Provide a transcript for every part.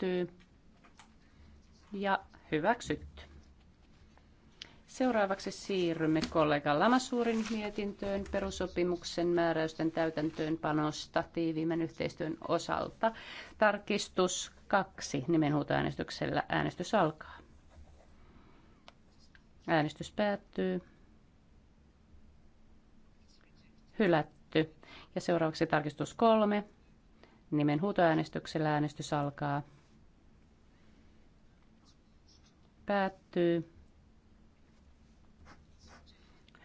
päättyy ja hyväksytty. Seuraavaksi siirrymme kollega Lamasuurin mietintöön perusopimuksen määräysten täytäntöönpanosta tiiviimmän yhteistyön osalta. Tarkistus kaksi nimenhuutoäänestyksellä. Äänestys alkaa. Äänestys päättyy. Hylätty. Ja seuraavaksi tarkistus kolme. Nimenhuutoäänestyksellä äänestys alkaa. päättyy.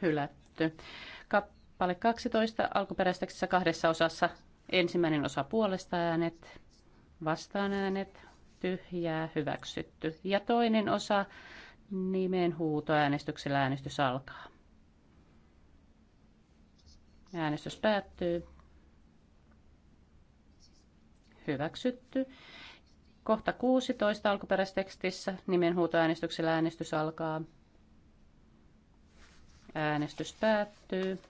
Hylätty. Kappale 12 alkuperäisteksissä kahdessa osassa. Ensimmäinen osa puolesta äänet, vastaan äänet, tyhjää, hyväksytty. Ja toinen osa nimen huutoäänestyksellä äänestys alkaa. Äänestys päättyy. Hyväksytty. Kohta 16 alkuperäistekstissä nimenhuutoäänestyksellä äänestys alkaa. Äänestys päättyy.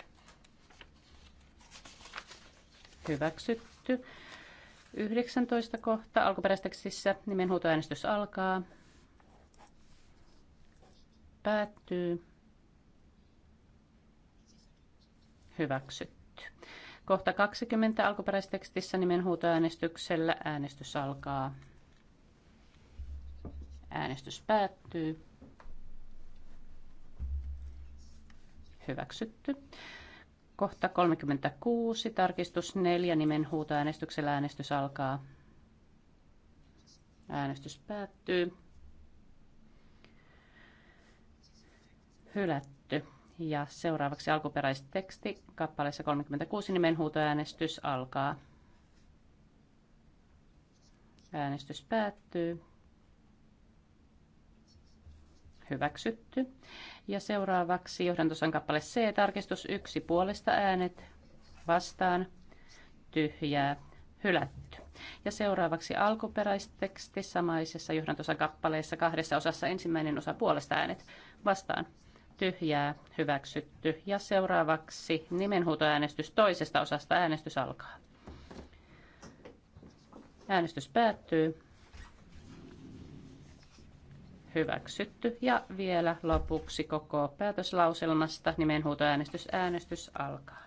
Hyväksytty. 19 kohta alkuperäistekstissä nimenhuutoäänestys alkaa. Päättyy. Hyväksytty. Kohta 20 alkuperäistekstissä nimenhuutoäänestyksellä äänestys alkaa. Äänestys päättyy. Hyväksytty. Kohta 36, tarkistus 4, nimen huutoäänestyksellä äänestys alkaa. Äänestys päättyy. Hylätty. Ja seuraavaksi alkuperäisteksti kappaleessa 36 nimen huutoäänestys alkaa. Äänestys päättyy hyväksytty. Ja seuraavaksi johdantosan kappale C, tarkistus yksi puolesta äänet, vastaan, tyhjää, hylätty. Ja seuraavaksi alkuperäisteksti samaisessa johdantosan kappaleessa kahdessa osassa ensimmäinen osa puolesta äänet, vastaan, tyhjää, hyväksytty. Ja seuraavaksi nimenhuutoäänestys toisesta osasta äänestys alkaa. Äänestys päättyy hyväksytty. Ja vielä lopuksi koko päätöslauselmasta nimenhuutoäänestys. Äänestys alkaa.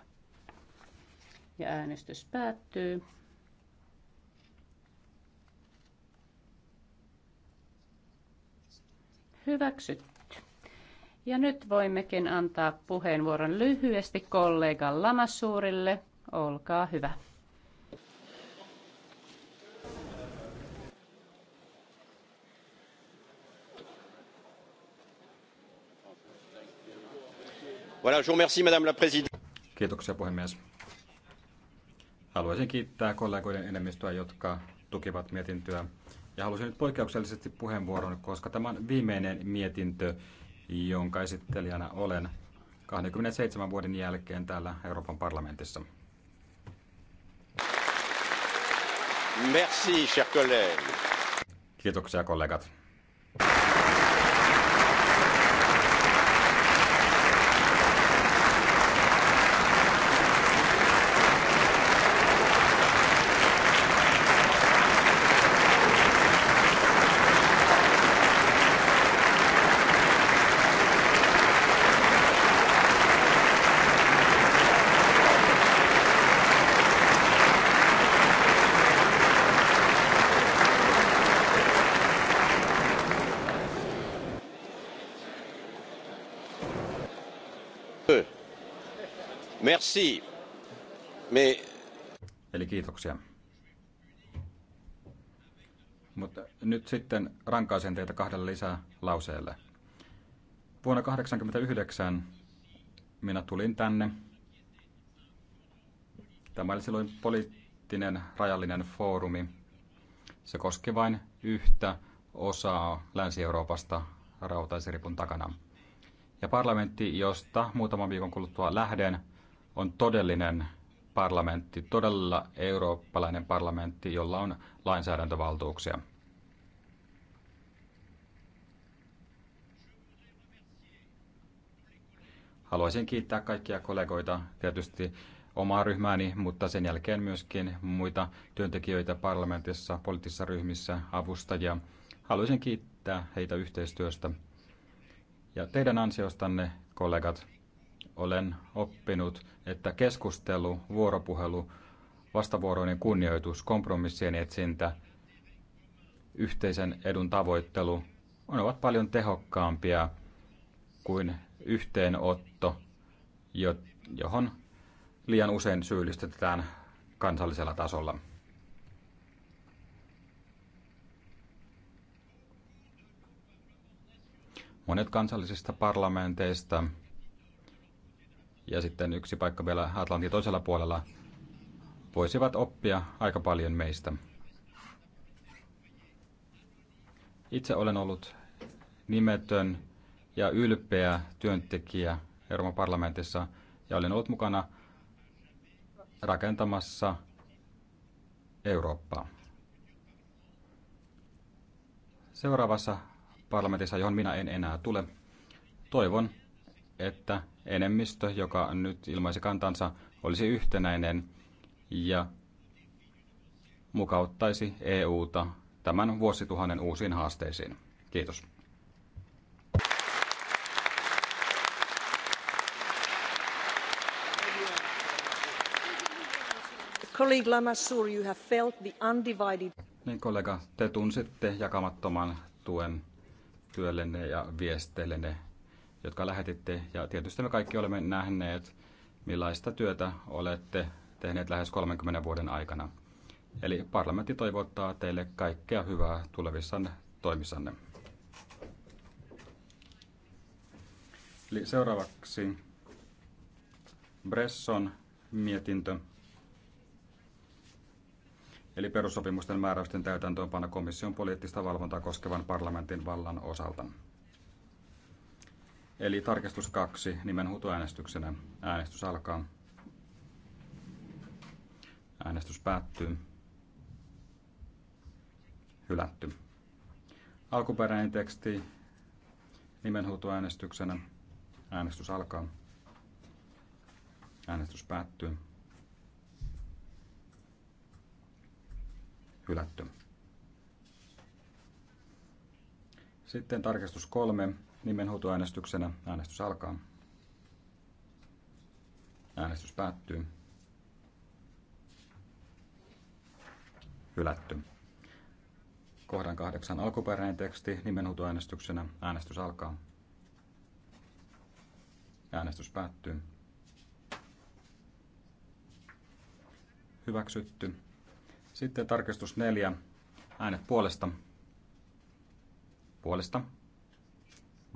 Ja äänestys päättyy. Hyväksytty. Ja nyt voimmekin antaa puheenvuoron lyhyesti kollegan Lamassuurille. Olkaa hyvä. Voilà, je remercie, Madame la Présidente. Kiitoksia puhemies. Haluaisin kiittää kollegoiden enemmistöä, jotka tukivat mietintöä. Ja halusin nyt poikkeuksellisesti puheenvuoron, koska tämä on viimeinen mietintö, jonka esittelijänä olen 27 vuoden jälkeen täällä Euroopan parlamentissa. Merci, cher collègue. Kiitoksia kollegat. Merci. Me... Eli kiitoksia. Mutta nyt sitten rankaisen teitä kahdella lisää lauseelle. Vuonna 1989 minä tulin tänne. Tämä oli silloin poliittinen rajallinen foorumi. Se koski vain yhtä osaa Länsi-Euroopasta rautaisiripun takana. Ja parlamentti, josta muutaman viikon kuluttua lähden, on todellinen parlamentti, todella eurooppalainen parlamentti, jolla on lainsäädäntövaltuuksia. Haluaisin kiittää kaikkia kollegoita, tietysti omaa ryhmääni, mutta sen jälkeen myöskin muita työntekijöitä parlamentissa, poliittisissa ryhmissä, avustajia. Haluaisin kiittää heitä yhteistyöstä. Ja teidän ansiostanne, kollegat, olen oppinut, että keskustelu, vuoropuhelu, vastavuoroinen kunnioitus, kompromissien etsintä, yhteisen edun tavoittelu on, ovat paljon tehokkaampia kuin yhteenotto, johon liian usein syyllistetään kansallisella tasolla. Monet kansallisista parlamenteista ja sitten yksi paikka vielä Atlantin toisella puolella voisivat oppia aika paljon meistä. Itse olen ollut nimetön ja ylpeä työntekijä Euroopan parlamentissa ja olen ollut mukana rakentamassa Eurooppaa. Seuraavassa parlamentissa, johon minä en enää tule, toivon, että enemmistö, joka nyt ilmaisi kantansa, olisi yhtenäinen ja mukauttaisi EUta tämän vuosituhannen uusiin haasteisiin. Kiitos. Colleague Lamassoure, you have felt the undivided... Niin kollega, te tunsitte jakamattoman tuen työllenne ja viesteillenne jotka lähetitte. Ja tietysti me kaikki olemme nähneet, millaista työtä olette tehneet lähes 30 vuoden aikana. Eli parlamentti toivottaa teille kaikkea hyvää tulevissa toimissanne. Eli seuraavaksi Bresson mietintö. Eli perussopimusten määräysten täytäntöönpano komission poliittista valvontaa koskevan parlamentin vallan osalta. Eli tarkistus kaksi nimen hutuäänestyksenä. Äänestys alkaa. Äänestys päättyy. Hylätty. Alkuperäinen teksti hutuäänestyksenä. Äänestys alkaa. Äänestys päättyy. Hylätty. Sitten tarkistus kolme Nimenhuutoäänestyksenä äänestys alkaa. Äänestys päättyy. Hylätty. Kohdan kahdeksan alkuperäinen teksti nimenhuutoäänestyksenä. Äänestys alkaa. Äänestys päättyy. Hyväksytty. Sitten tarkistus neljä. Äänet puolesta. Puolesta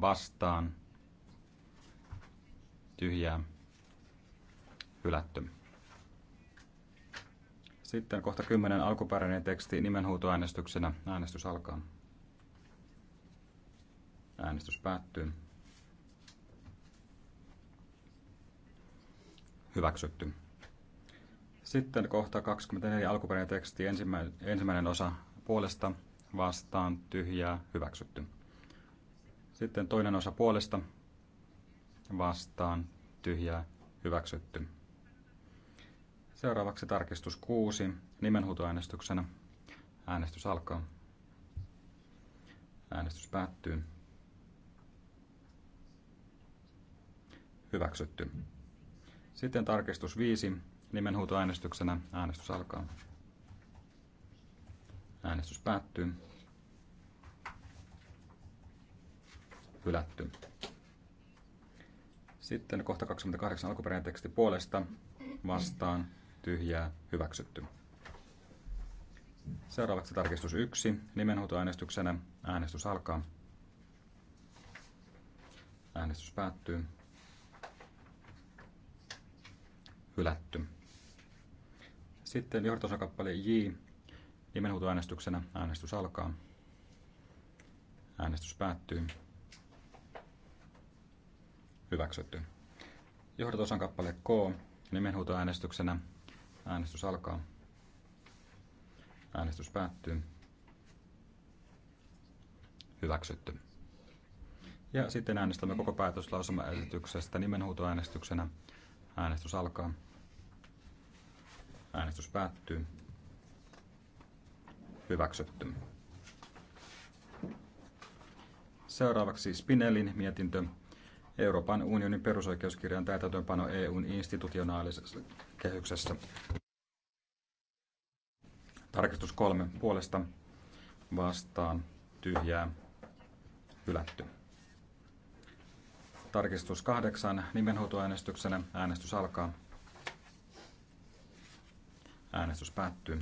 vastaan tyhjää hylätty. Sitten kohta 10 alkuperäinen teksti nimenhuutoäänestyksenä. Äänestys alkaa. Äänestys päättyy. Hyväksytty. Sitten kohta 24 alkuperäinen teksti ensimmäinen, ensimmäinen osa puolesta vastaan tyhjää hyväksytty. Sitten toinen osa puolesta vastaan tyhjää hyväksytty. Seuraavaksi tarkistus 6 nimenhuutoäänestyksenä. Äänestys alkaa. Äänestys päättyy. Hyväksytty. Sitten tarkistus 5 nimenhuutoäänestyksenä. Äänestys alkaa. Äänestys päättyy. hylätty. Sitten kohta 28 alkuperäinen teksti puolesta vastaan tyhjää hyväksytty. Seuraavaksi tarkistus 1 nimenhuutoäänestyksenä. Äänestys alkaa. Äänestys päättyy. Hylätty. Sitten johdatusosakappale J. Nimenhuutoäänestyksenä äänestys alkaa. Äänestys päättyy. Hyväksytty. Johdatusan kappale K nimenhuutoäänestyksenä. Äänestys alkaa. Äänestys päättyy. Hyväksytty. Ja sitten äänestämme koko päätöslausumaesityksestä nimenhuutoäänestyksenä. Äänestys alkaa. Äänestys päättyy. Hyväksytty. Seuraavaksi Spinellin mietintö Euroopan unionin perusoikeuskirjan täytäntöönpano EUn institutionaalisessa kehyksessä. Tarkistus kolme puolesta vastaan tyhjää hylätty. Tarkistus kahdeksan nimenhuutoäänestyksenä. Äänestys alkaa. Äänestys päättyy.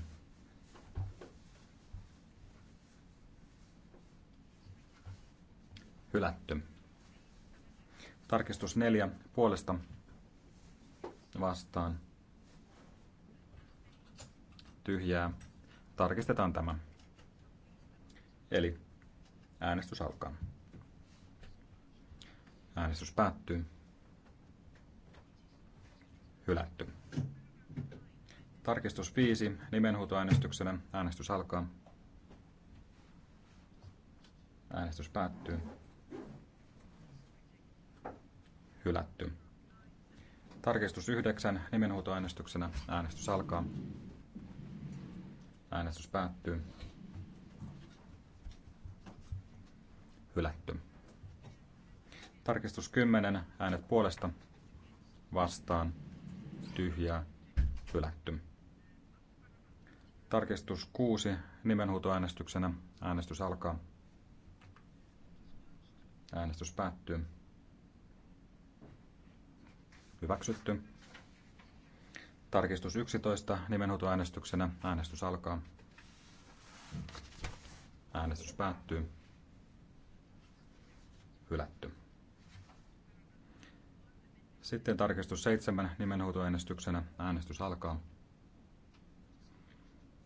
Hylätty. Tarkistus neljä puolesta vastaan. Tyhjää. Tarkistetaan tämä. Eli äänestys alkaa. Äänestys päättyy. Hylätty. Tarkistus 5. Nimenhuutoäänestyksenä äänestys alkaa. Äänestys päättyy hylätty. Tarkistus 9 nimenhuutoäänestyksenä. Äänestys alkaa. Äänestys päättyy. Hylätty. Tarkistus 10. Äänet puolesta. Vastaan. Tyhjää. Hylätty. Tarkistus 6. Nimenhuutoäänestyksenä. Äänestys alkaa. Äänestys päättyy. Hyväksytty. Tarkistus 11 nimenhoitoäänestyksenä. Äänestys alkaa. Äänestys päättyy. Hylätty. Sitten tarkistus 7 nimenhoitoäänestyksenä. Äänestys alkaa.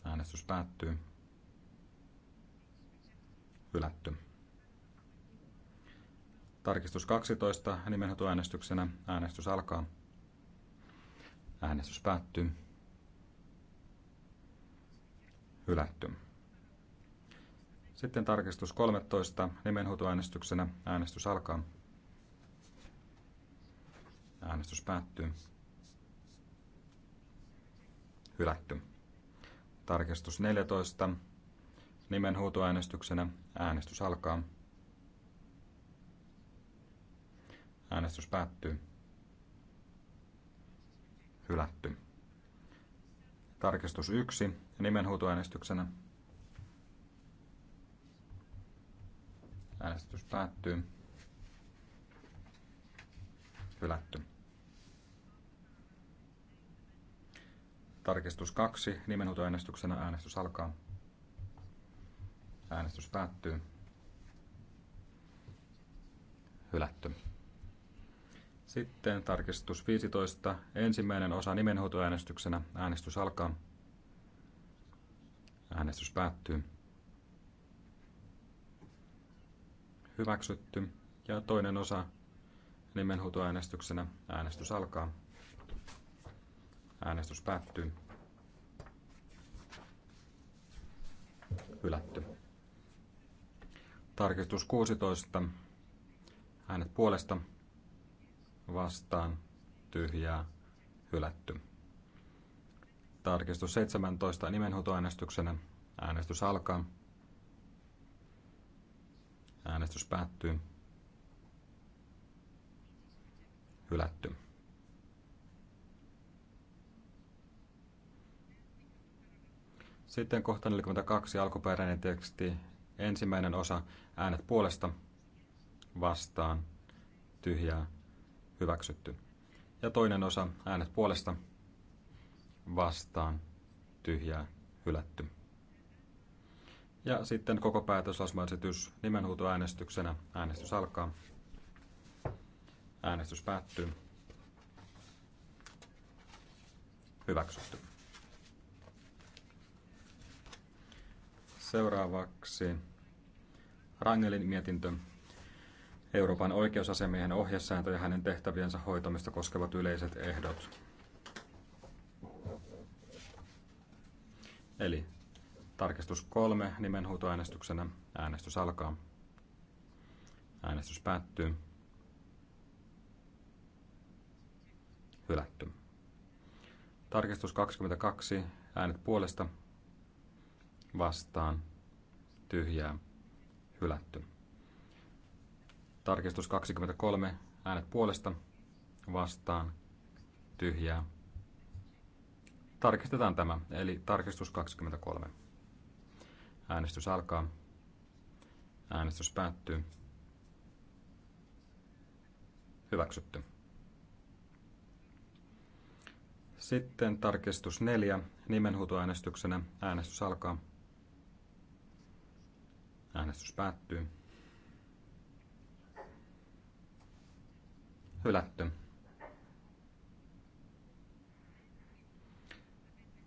Äänestys päättyy. Hylätty. Tarkistus 12 nimenhoitoäänestyksenä. Äänestys alkaa. Äänestys päättyy. Hylätty. Sitten tarkistus 13 nimenhoitoäänestyksenä. Äänestys alkaa. Äänestys päättyy. Hylätty. Tarkistus 14 nimenhuutoäänestyksenä. Äänestys alkaa. Äänestys päättyy. Hylätty. Tarkistus 1. Nimenhuutoäänestyksenä. Äänestys päättyy. Hylätty. Tarkistus 2. Nimenhuutoäänestyksenä äänestys alkaa. Äänestys päättyy. Hylätty. Sitten tarkistus 15. Ensimmäinen osa nimenhuutoäänestyksenä. Äänestys alkaa. Äänestys päättyy. Hyväksytty. Ja toinen osa nimenhuutoäänestyksenä. Äänestys alkaa. Äänestys päättyy. Hylätty. Tarkistus 16. Äänet puolesta vastaan tyhjää hylätty. Tarkistus 17 nimenhuutoäänestyksenä. Äänestys alkaa. Äänestys päättyy. Hylätty. Sitten kohta 42 alkuperäinen teksti, ensimmäinen osa, äänet puolesta, vastaan, tyhjää, hyväksytty. Ja toinen osa, äänet puolesta, vastaan, tyhjää, hylätty. Ja sitten koko päätösasmaesitys nimenhuutoäänestyksenä. Äänestys alkaa. Äänestys päättyy. Hyväksytty. Seuraavaksi Rangelin mietintö Euroopan oikeusasemiehen ohjesääntö ja hänen tehtäviensä hoitamista koskevat yleiset ehdot. Eli tarkistus kolme nimenhuutoäänestyksenä. Äänestys alkaa. Äänestys päättyy. Hylätty. Tarkistus 22. Äänet puolesta. Vastaan. Tyhjää. Hylätty. Tarkistus 23. Äänet puolesta. Vastaan. Tyhjää. Tarkistetaan tämä, eli tarkistus 23. Äänestys alkaa. Äänestys päättyy. Hyväksytty. Sitten tarkistus 4. Nimenhuutoäänestyksenä äänestys alkaa. Äänestys päättyy. hylätty.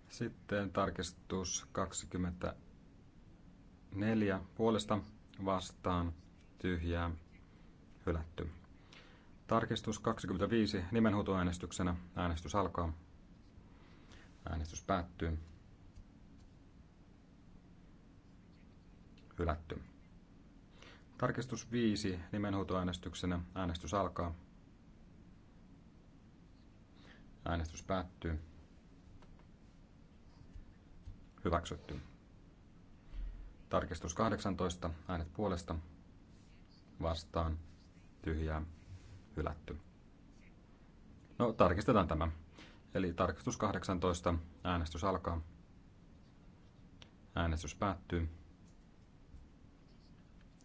Sitten tarkistus 24 puolesta vastaan tyhjää hylätty. Tarkistus 25 nimenhuutoäänestyksenä. Äänestys alkaa. Äänestys päättyy. Hylätty. Tarkistus 5 nimenhuutoäänestyksenä. Äänestys alkaa. Äänestys päättyy. Hyväksytty. Tarkistus 18. Äänet puolesta. Vastaan. Tyhjää. Hylätty. No, tarkistetaan tämä. Eli tarkistus 18. Äänestys alkaa. Äänestys päättyy.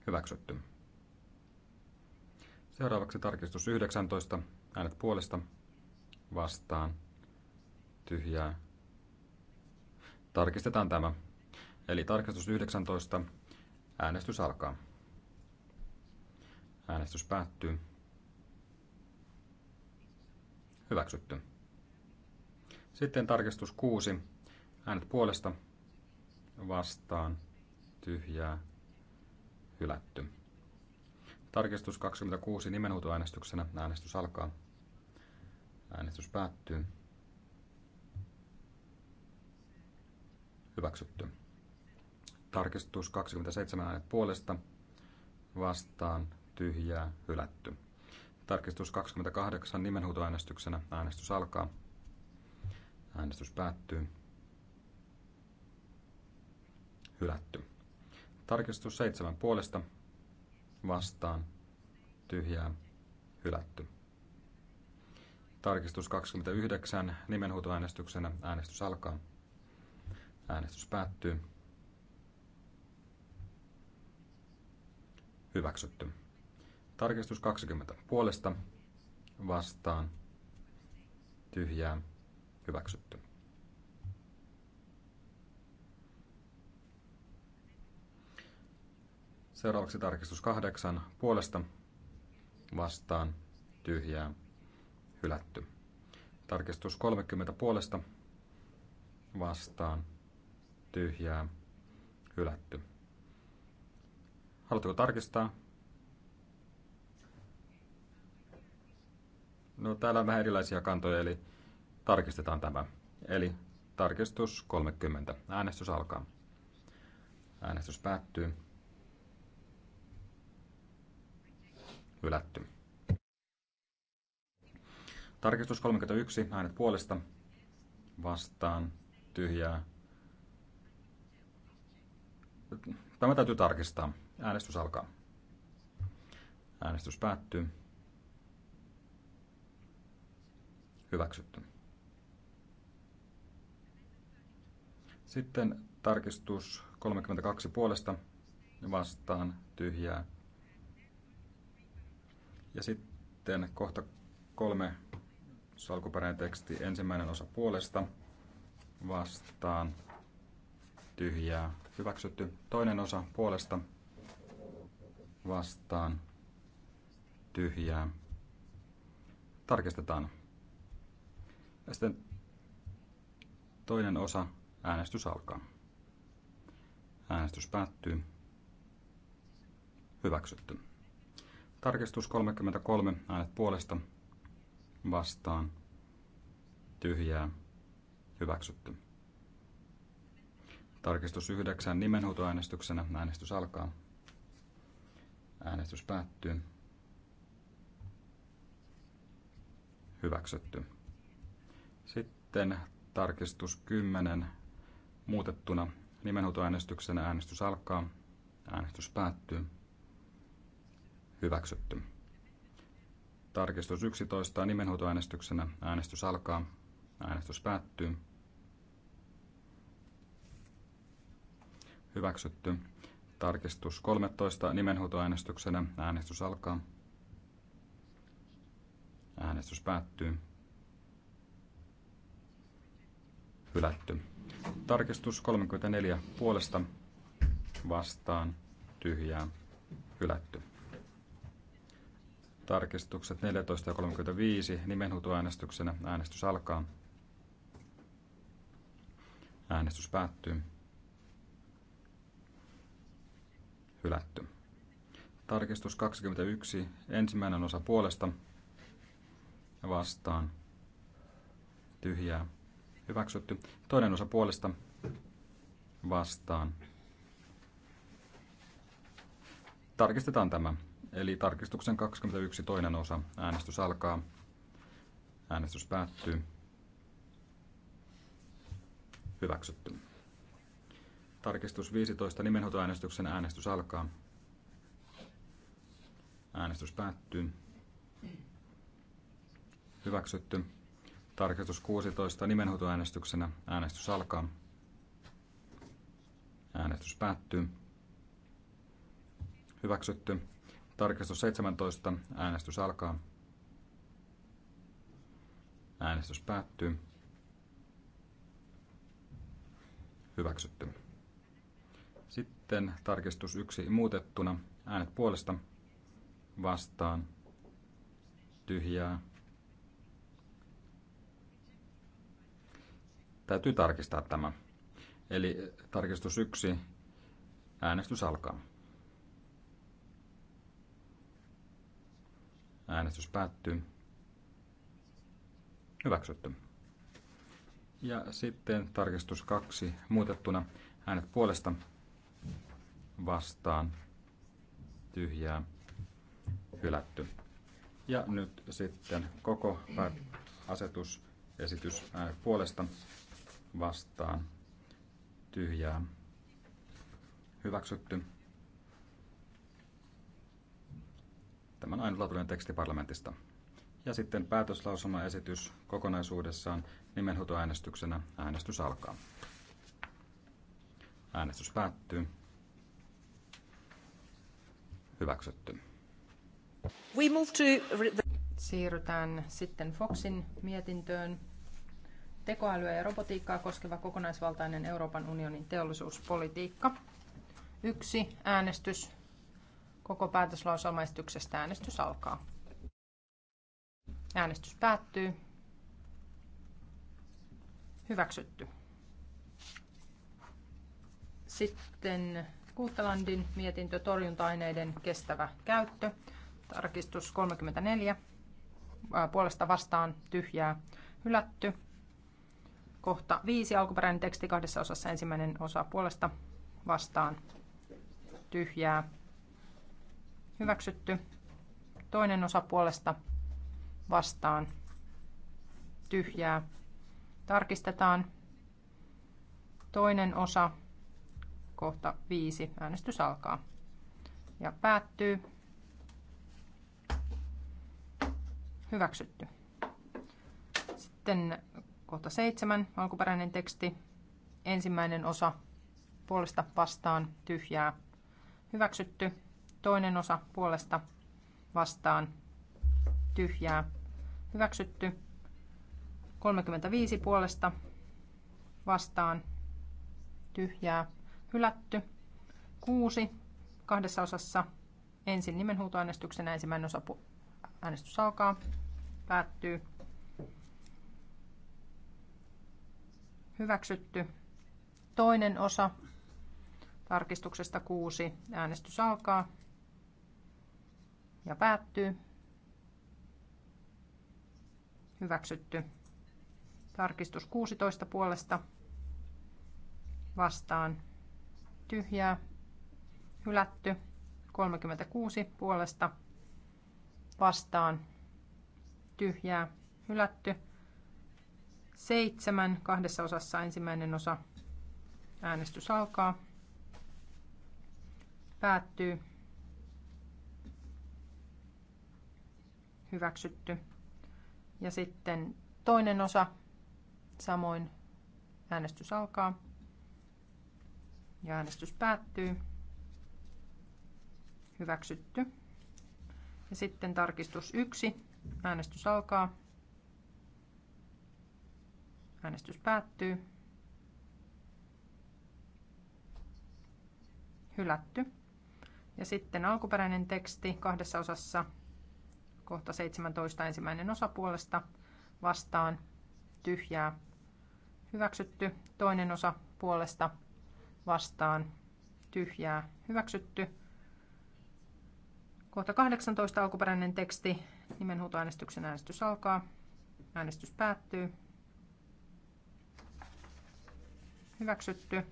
Hyväksytty. Seuraavaksi tarkistus 19. Äänet puolesta vastaan tyhjää. Tarkistetaan tämä. Eli tarkistus 19. Äänestys alkaa. Äänestys päättyy. Hyväksytty. Sitten tarkistus 6. Äänet puolesta vastaan tyhjää hylätty. Tarkistus 26 nimenhuutoäänestyksenä. Äänestys alkaa. Äänestys päättyy. Hyväksytty. Tarkistus 27 äänet puolesta. Vastaan tyhjää hylätty. Tarkistus 28 nimenhuutoäänestyksenä. Äänestys alkaa. Äänestys päättyy. Hylätty. Tarkistus 7 puolesta. Vastaan tyhjää hylätty. Tarkistus 29. Nimenhuutoäänestyksenä äänestys alkaa. Äänestys päättyy. Hyväksytty. Tarkistus 20. Puolesta vastaan tyhjää hyväksytty. Seuraavaksi tarkistus 8. Puolesta vastaan tyhjää hylätty. Tarkistus 30 puolesta vastaan tyhjää hylätty. Haluatteko tarkistaa? No täällä on vähän erilaisia kantoja, eli tarkistetaan tämä. Eli tarkistus 30. Äänestys alkaa. Äänestys päättyy. Hylätty. Tarkistus 31, äänet puolesta, vastaan, tyhjää. Tämä täytyy tarkistaa. Äänestys alkaa. Äänestys päättyy. Hyväksytty. Sitten tarkistus 32 puolesta vastaan tyhjää. Ja sitten kohta kolme tarkistus, alkuperäinen teksti, ensimmäinen osa puolesta, vastaan, tyhjää, hyväksytty. Toinen osa puolesta, vastaan, tyhjää. Tarkistetaan. Ja sitten toinen osa, äänestys alkaa. Äänestys päättyy. Hyväksytty. Tarkistus 33, äänet puolesta, vastaan tyhjää hyväksytty. Tarkistus yhdeksän nimenhuutoäänestyksenä. Äänestys alkaa. Äänestys päättyy. Hyväksytty. Sitten tarkistus 10 muutettuna nimenhuutoäänestyksenä. Äänestys alkaa. Äänestys päättyy. Hyväksytty. Tarkistus 11 nimenhoitoäänestyksenä. Äänestys alkaa. Äänestys päättyy. Hyväksytty. Tarkistus 13 nimenhoitoäänestyksenä. Äänestys alkaa. Äänestys päättyy. Hylätty. Tarkistus 34 puolesta vastaan tyhjää. Hylätty. Tarkistukset 14.35 nimenhuutoäänestyksenä. Äänestys alkaa. Äänestys päättyy. Hylätty. Tarkistus 21. Ensimmäinen osa puolesta. Vastaan. Tyhjää. Hyväksytty. Toinen osa puolesta. Vastaan. Tarkistetaan tämä. Eli tarkistuksen 21 toinen osa. Äänestys alkaa. Äänestys päättyy. Hyväksytty. Tarkistus 15 nimenhoitoäänestyksen äänestys alkaa. Äänestys päättyy. Hyväksytty. Tarkistus 16 nimenhoitoäänestyksenä äänestys alkaa. Äänestys päättyy. Hyväksytty. Tarkistus 17. Äänestys alkaa. Äänestys päättyy. Hyväksytty. Sitten tarkistus 1 muutettuna. Äänet puolesta. Vastaan. Tyhjää. Täytyy tarkistaa tämä. Eli tarkistus 1. Äänestys alkaa. Äänestys päättyy. Hyväksytty. Ja sitten tarkistus kaksi muutettuna. Äänet puolesta vastaan tyhjää hylätty. Ja nyt sitten koko asetusesitys äänet puolesta vastaan tyhjää hyväksytty. ainutlaatuinen teksti parlamentista. Ja sitten päätöslausumaesitys kokonaisuudessaan nimenhuutoäänestyksenä. Äänestys alkaa. Äänestys päättyy. Hyväksytty. We move to... Siirrytään sitten Foxin mietintöön. Tekoälyä ja robotiikkaa koskeva kokonaisvaltainen Euroopan unionin teollisuuspolitiikka. Yksi äänestys Koko päätöslauselmaesityksestä äänestys alkaa. Äänestys päättyy. Hyväksytty. Sitten Kuuttalandin mietintö torjunta-aineiden kestävä käyttö. Tarkistus 34. Puolesta vastaan tyhjää hylätty. Kohta 5. Alkuperäinen teksti kahdessa osassa ensimmäinen osa puolesta vastaan tyhjää Hyväksytty. Toinen osa puolesta vastaan. Tyhjää. Tarkistetaan. Toinen osa. Kohta viisi Äänestys alkaa. Ja päättyy. Hyväksytty. Sitten kohta seitsemän, Alkuperäinen teksti. Ensimmäinen osa. Puolesta vastaan. Tyhjää. Hyväksytty. Toinen osa puolesta vastaan tyhjää hyväksytty. 35 puolesta vastaan tyhjää hylätty. 6 kahdessa osassa ensin nimenhuutoäänestyksenä ensimmäinen osa äänestys alkaa, päättyy. Hyväksytty. Toinen osa tarkistuksesta 6. Äänestys alkaa, ja päättyy. Hyväksytty. Tarkistus 16 puolesta vastaan tyhjää. Hylätty. 36 puolesta vastaan tyhjää. Hylätty. 7 kahdessa osassa ensimmäinen osa. Äänestys alkaa. Päättyy. hyväksytty. Ja sitten toinen osa, samoin äänestys alkaa ja äänestys päättyy. Hyväksytty. Ja sitten tarkistus 1, äänestys alkaa. Äänestys päättyy. Hylätty. Ja sitten alkuperäinen teksti kahdessa osassa kohta 17 ensimmäinen osa puolesta vastaan tyhjää hyväksytty, toinen osa puolesta vastaan tyhjää hyväksytty. Kohta 18 alkuperäinen teksti, nimenhuutoäänestyksen äänestys alkaa, äänestys päättyy. Hyväksytty.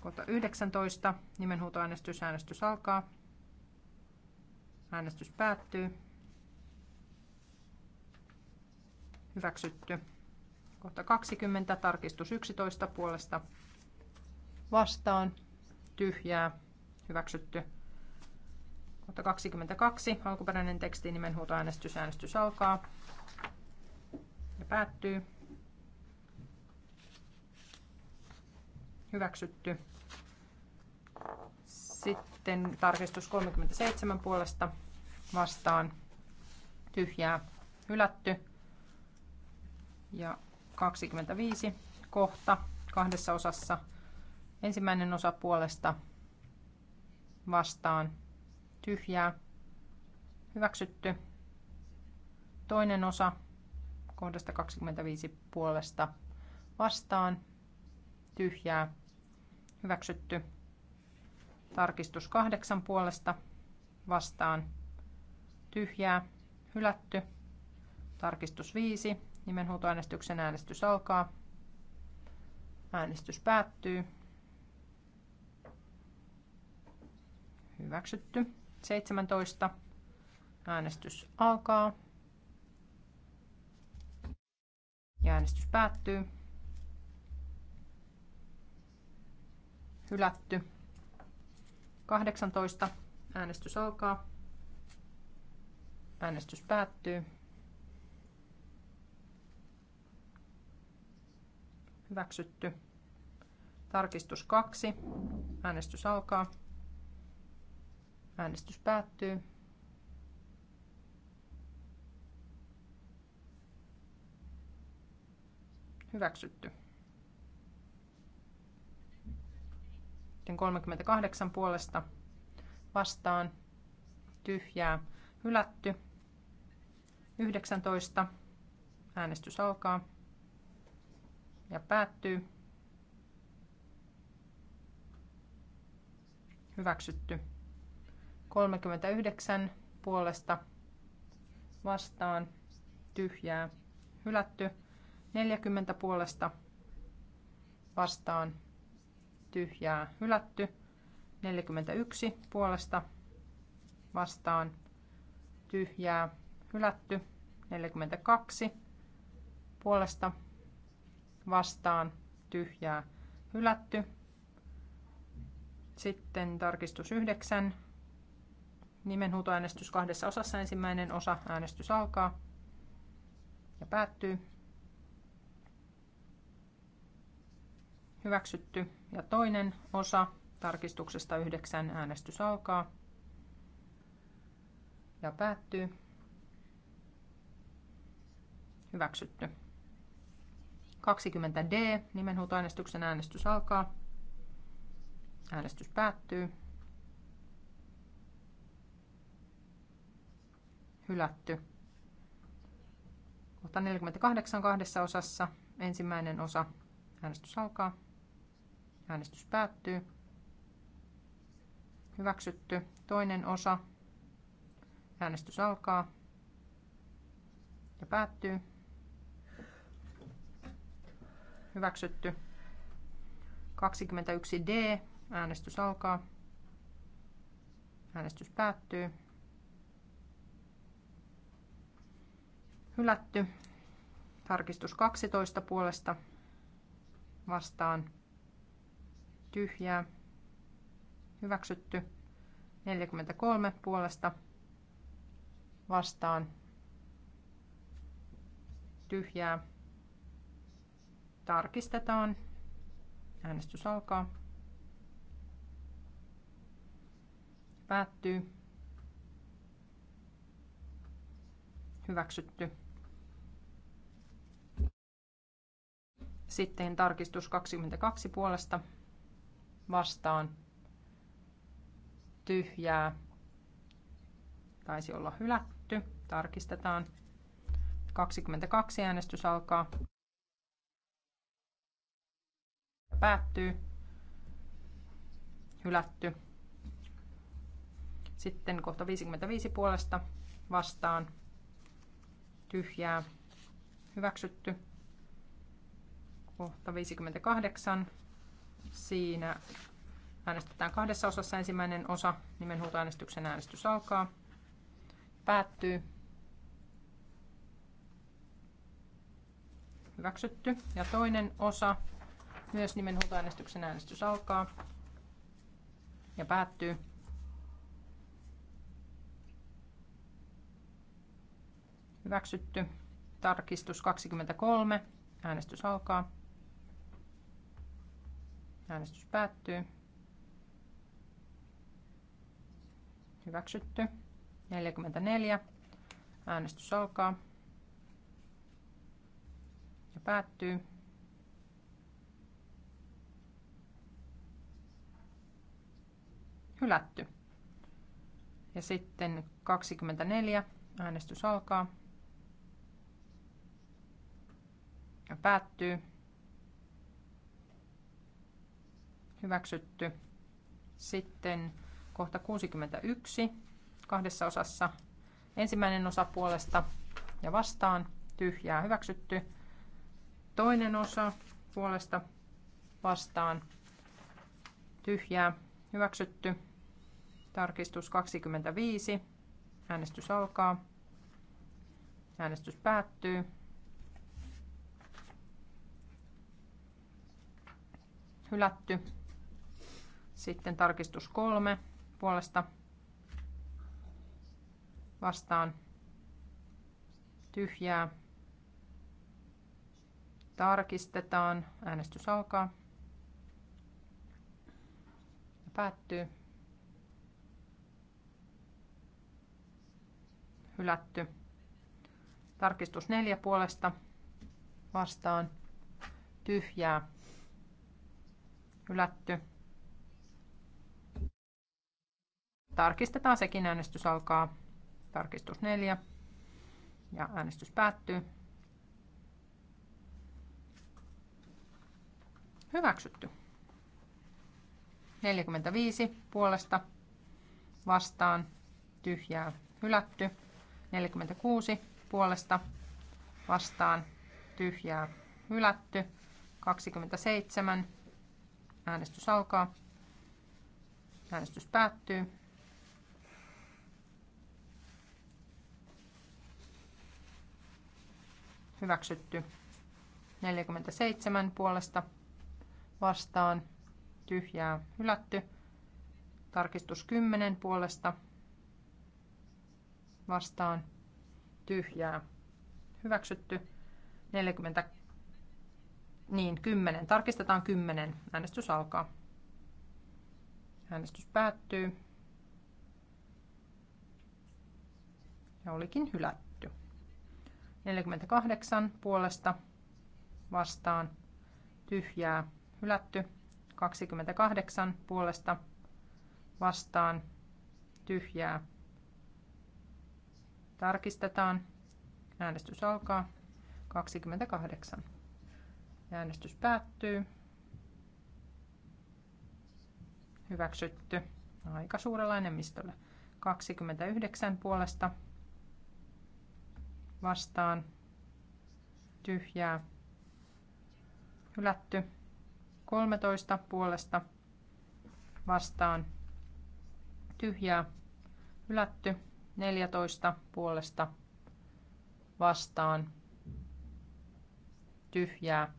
Kohta 19, nimenhuutoäänestys, äänestys alkaa, äänestys päättyy. Hyväksytty. Kohta 20. Tarkistus 11 puolesta. Vastaan. Tyhjää. Hyväksytty. Kohta 22. Alkuperäinen teksti nimenhuutoäänestys. Äänestys alkaa. Ja päättyy. Hyväksytty. Sitten tarkistus 37 puolesta vastaan. Tyhjää. Hylätty ja 25 kohta kahdessa osassa. Ensimmäinen osa puolesta vastaan tyhjää. Hyväksytty. Toinen osa kohdasta 25 puolesta vastaan tyhjää. Hyväksytty. Tarkistus kahdeksan puolesta vastaan tyhjää. Hylätty. Tarkistus 5 Nimenhuutoäänestyksen äänestys alkaa. Äänestys päättyy. Hyväksytty. 17. Äänestys alkaa. Ja äänestys päättyy. Hylätty. 18. Äänestys alkaa. Äänestys päättyy. Hyväksytty. Tarkistus 2. Äänestys alkaa. Äänestys päättyy. Hyväksytty. Sitten 38 puolesta vastaan tyhjää hylätty. 19. Äänestys alkaa ja päättyy. Hyväksytty. 39 puolesta vastaan tyhjää. Hylätty. 40 puolesta vastaan tyhjää. Hylätty. 41 puolesta vastaan tyhjää. Hylätty. 42 puolesta vastaan vastaan tyhjää hylätty. Sitten tarkistus 9. Nimenhuutoäänestys kahdessa osassa. Ensimmäinen osa äänestys alkaa ja päättyy. Hyväksytty. Ja toinen osa tarkistuksesta 9 äänestys alkaa ja päättyy. Hyväksytty. 20D. Nimenhuutoäänestyksen äänestys alkaa. Äänestys päättyy. Hylätty. Kohta 48 kahdessa osassa. Ensimmäinen osa. Äänestys alkaa. Äänestys päättyy. Hyväksytty. Toinen osa. Äänestys alkaa ja päättyy hyväksytty. 21D, äänestys alkaa. Äänestys päättyy. Hylätty. Tarkistus 12 puolesta vastaan tyhjää. Hyväksytty. 43 puolesta vastaan tyhjää Tarkistetaan. Äänestys alkaa. Päättyy. Hyväksytty. Sitten tarkistus 22 puolesta vastaan tyhjää. Taisi olla hylätty. Tarkistetaan. 22 äänestys alkaa. Päättyy. Hylätty. Sitten kohta 55 puolesta vastaan. Tyhjää. Hyväksytty. Kohta 58. Siinä äänestetään kahdessa osassa. Ensimmäinen osa nimenhuutoäänestyksen äänestys alkaa. Päättyy. Hyväksytty. Ja toinen osa myös huutoäänestyksen äänestys alkaa ja päättyy. Hyväksytty. Tarkistus 23. Äänestys alkaa. Äänestys päättyy. Hyväksytty. 44. Äänestys alkaa. Ja päättyy. hylätty. Ja sitten 24. Äänestys alkaa. Ja päättyy. Hyväksytty. Sitten kohta 61 kahdessa osassa. Ensimmäinen osa puolesta ja vastaan. Tyhjää hyväksytty. Toinen osa puolesta vastaan. Tyhjää hyväksytty. Tarkistus 25. Äänestys alkaa. Äänestys päättyy. Hylätty. Sitten tarkistus 3 puolesta vastaan tyhjää. Tarkistetaan. Äänestys alkaa. Päättyy. hylätty. Tarkistus neljä puolesta vastaan tyhjää hylätty. Tarkistetaan sekin äänestys alkaa. Tarkistus neljä ja äänestys päättyy. Hyväksytty. 45 puolesta vastaan tyhjää hylätty. 46 puolesta vastaan tyhjää hylätty. 27. Äänestys alkaa. Äänestys päättyy. Hyväksytty. 47 puolesta vastaan tyhjää hylätty. Tarkistus 10 puolesta vastaan tyhjää hyväksytty. 40, niin 10. Tarkistetaan 10. Äänestys alkaa. Äänestys päättyy. Ja olikin hylätty. 48 puolesta vastaan tyhjää hylätty. 28 puolesta vastaan tyhjää Tarkistetaan. Äänestys alkaa. 28. Äänestys päättyy. Hyväksytty. Aika suurella enemmistöllä. 29 puolesta vastaan tyhjää hylätty 13 puolesta vastaan tyhjää hylätty 14 puolesta vastaan tyhjää.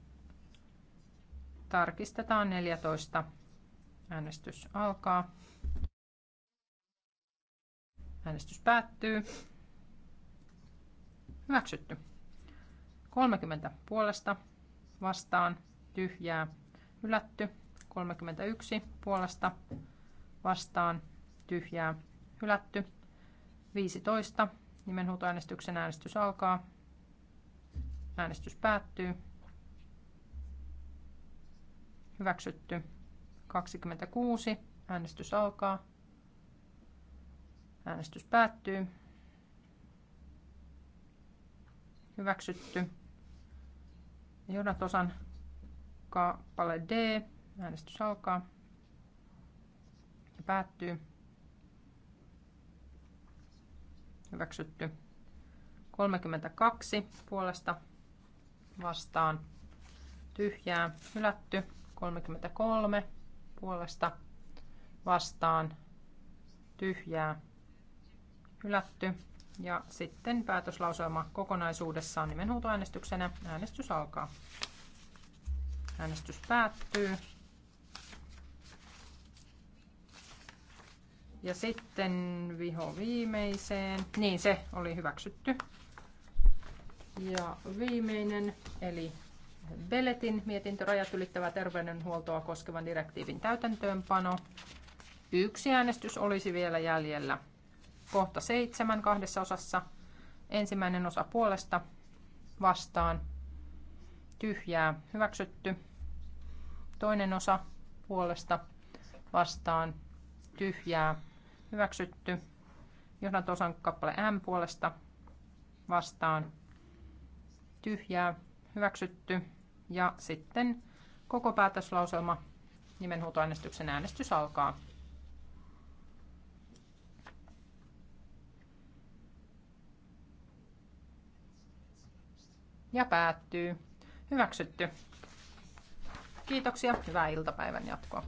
Tarkistetaan 14. Äänestys alkaa. Äänestys päättyy. Hyväksytty. 30 puolesta vastaan tyhjää hylätty. 31 puolesta vastaan tyhjää hylätty. 15. Nimenhuutoäänestyksen äänestys alkaa. Äänestys päättyy. Hyväksytty. 26. Äänestys alkaa. Äänestys päättyy. Hyväksytty. Johdatosan kappale D. Äänestys alkaa ja päättyy. hyväksytty. 32 puolesta vastaan tyhjää hylätty. 33 puolesta vastaan tyhjää hylätty. Ja sitten päätöslauselma kokonaisuudessaan nimenhuutoäänestyksenä. Äänestys alkaa. Äänestys päättyy. Ja sitten viho viimeiseen. Niin, se oli hyväksytty. Ja viimeinen, eli Beletin mietintö rajat ylittävää terveydenhuoltoa koskevan direktiivin täytäntöönpano. Yksi äänestys olisi vielä jäljellä. Kohta seitsemän kahdessa osassa. Ensimmäinen osa puolesta vastaan. Tyhjää hyväksytty. Toinen osa puolesta vastaan. Tyhjää hyväksytty. Johdantosan kappale M puolesta vastaan tyhjää hyväksytty. Ja sitten koko päätöslauselma nimenhuutoäänestyksen äänestys alkaa. Ja päättyy. Hyväksytty. Kiitoksia. Hyvää iltapäivän jatkoa.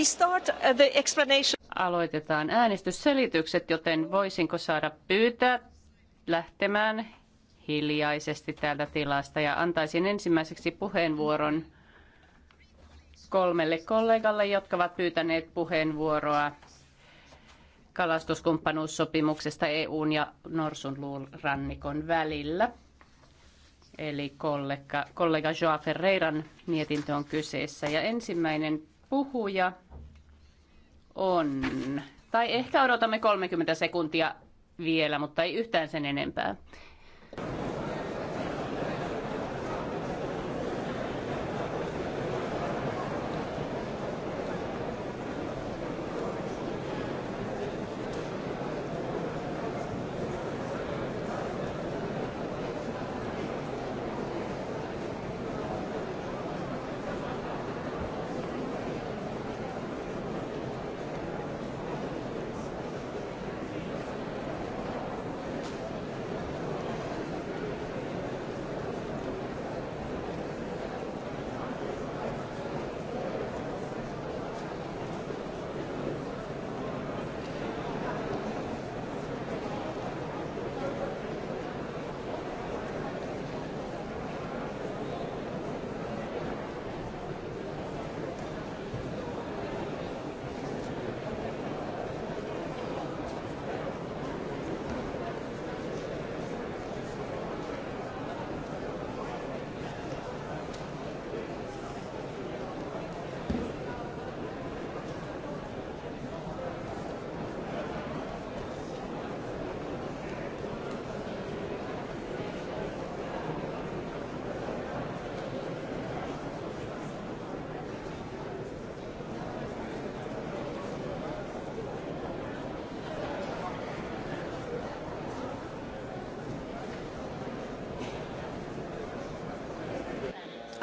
we start uh, the explanation. Aloitetaan äänestysselitykset, joten voisinko saada pyytää lähtemään hiljaisesti täältä tilasta ja antaisin ensimmäiseksi puheenvuoron kolmelle kollegalle, jotka ovat pyytäneet puheenvuoroa kalastuskumppanuussopimuksesta EUn ja Norsun rannikon välillä. Eli kollega, kollega Joa Ferreiran mietintö on kyseessä. Ja ensimmäinen puhuja on. Tai ehkä odotamme 30 sekuntia vielä, mutta ei yhtään sen enempää.